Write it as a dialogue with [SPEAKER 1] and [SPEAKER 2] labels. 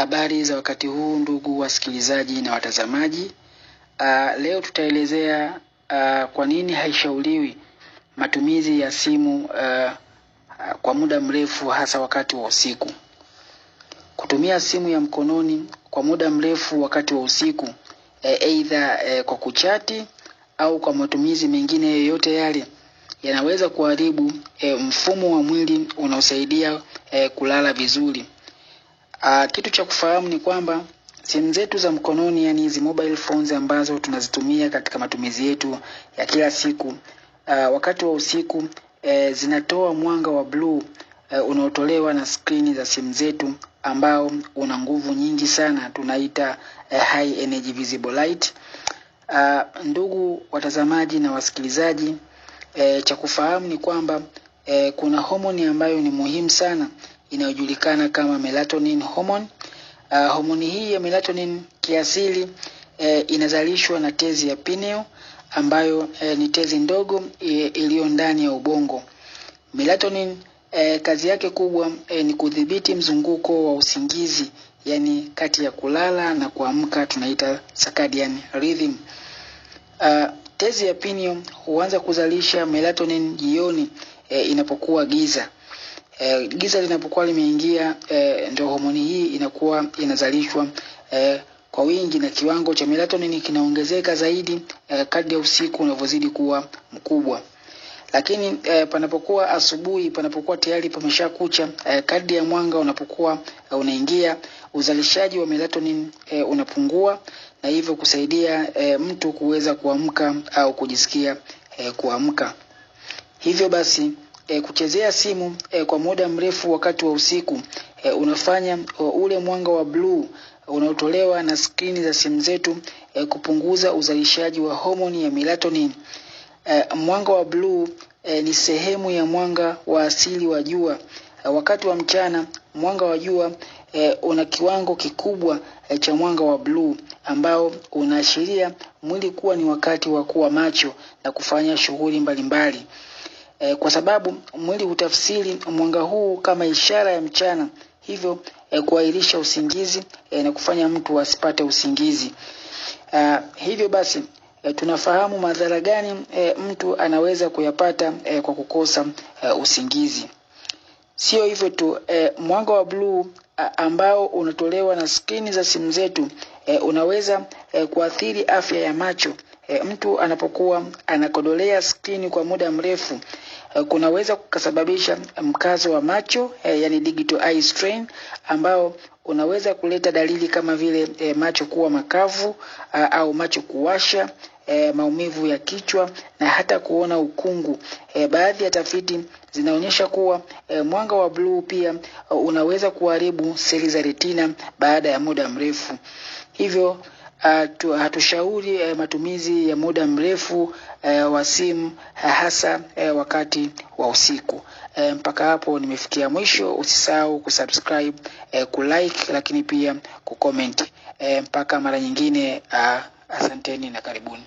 [SPEAKER 1] Habari za wakati huu ndugu wasikilizaji na watazamaji. Uh, leo tutaelezea uh, kwa nini haishauriwi matumizi ya simu uh, kwa muda mrefu hasa wakati wa usiku. Kutumia simu ya mkononi kwa muda mrefu wakati wa usiku aidha, e, e, kwa kuchati au kwa matumizi mengine yoyote yale yanaweza kuharibu e, mfumo wa mwili unaosaidia e, kulala vizuri. Aa, ah, kitu cha kufahamu ni kwamba simu zetu za mkononi yani hizi mobile phones ambazo tunazitumia katika matumizi yetu ya kila siku aa, ah, wakati wa usiku e, zinatoa mwanga wa bluu e, eh, unaotolewa na skrini za simu zetu ambao una nguvu nyingi sana, tunaita e, high energy visible light. Aa, ah, ndugu watazamaji na wasikilizaji, e, cha kufahamu ni kwamba e, kuna homoni ambayo ni muhimu sana inayojulikana kama melatonin hormone. Uh, ah, homoni hii ya melatonin kiasili eh, inazalishwa na tezi ya pineo ambayo eh, ni tezi ndogo eh, iliyo ndani ya ubongo. Melatonin eh, kazi yake kubwa eh, ni kudhibiti mzunguko wa usingizi, yani kati ya kulala na kuamka, tunaita circadian rhythm. Uh, tezi ya pineo huanza kuzalisha melatonin jioni eh, inapokuwa giza. E, giza linapokuwa limeingia e, ndio homoni hii inakuwa inazalishwa e, kwa wingi na kiwango cha melatonin kinaongezeka zaidi e, kadri ya usiku unavyozidi kuwa mkubwa. Lakini e, panapokuwa asubuhi, panapokuwa tayari kucha e, kadri ya mwanga unapokuwa e, unaingia, uzalishaji wa melatonin e, unapungua na hivyo kusaidia e, mtu kuweza kuamka au kujisikia e, kuamka. Hivyo basi e, kuchezea simu e, kwa muda mrefu wakati wa usiku e, unafanya ule mwanga wa bluu unaotolewa na skrini za simu zetu e, kupunguza uzalishaji wa homoni ya melatonin. E, mwanga wa bluu e, ni sehemu ya mwanga wa asili wa jua. E, wakati wa mchana mwanga wa jua e, una kiwango kikubwa e, cha mwanga wa bluu ambao unaashiria mwili kuwa ni wakati wa kuwa macho na kufanya shughuli mbalimbali e, kwa sababu mwili hutafsiri mwanga huu kama ishara ya mchana, hivyo e, kuahirisha usingizi e, na kufanya mtu asipate usingizi. A, hivyo basi e, tunafahamu madhara gani e, mtu anaweza kuyapata e, kwa kukosa e, usingizi. Sio hivyo tu e, mwanga wa bluu ambao unatolewa na skrini za simu zetu e, unaweza e, kuathiri afya ya macho e, mtu anapokuwa anakodolea skrini kwa muda mrefu e, kunaweza kukasababisha mkazo wa macho e, yani digital eye strain ambao unaweza kuleta dalili kama vile e, macho kuwa makavu a, au macho kuwasha e, maumivu ya kichwa na hata kuona ukungu. E, baadhi ya tafiti zinaonyesha kuwa e, mwanga wa bluu pia unaweza kuharibu seli za retina baada ya muda mrefu hivyo hatushauri eh, matumizi ya muda mrefu eh, wa simu eh, hasa wakati wa usiku. Mpaka hapo nimefikia mwisho. Usisahau kusubscribe, kulike, lakini pia kucomment. Mpaka mara nyingine, ah, asanteni na karibuni.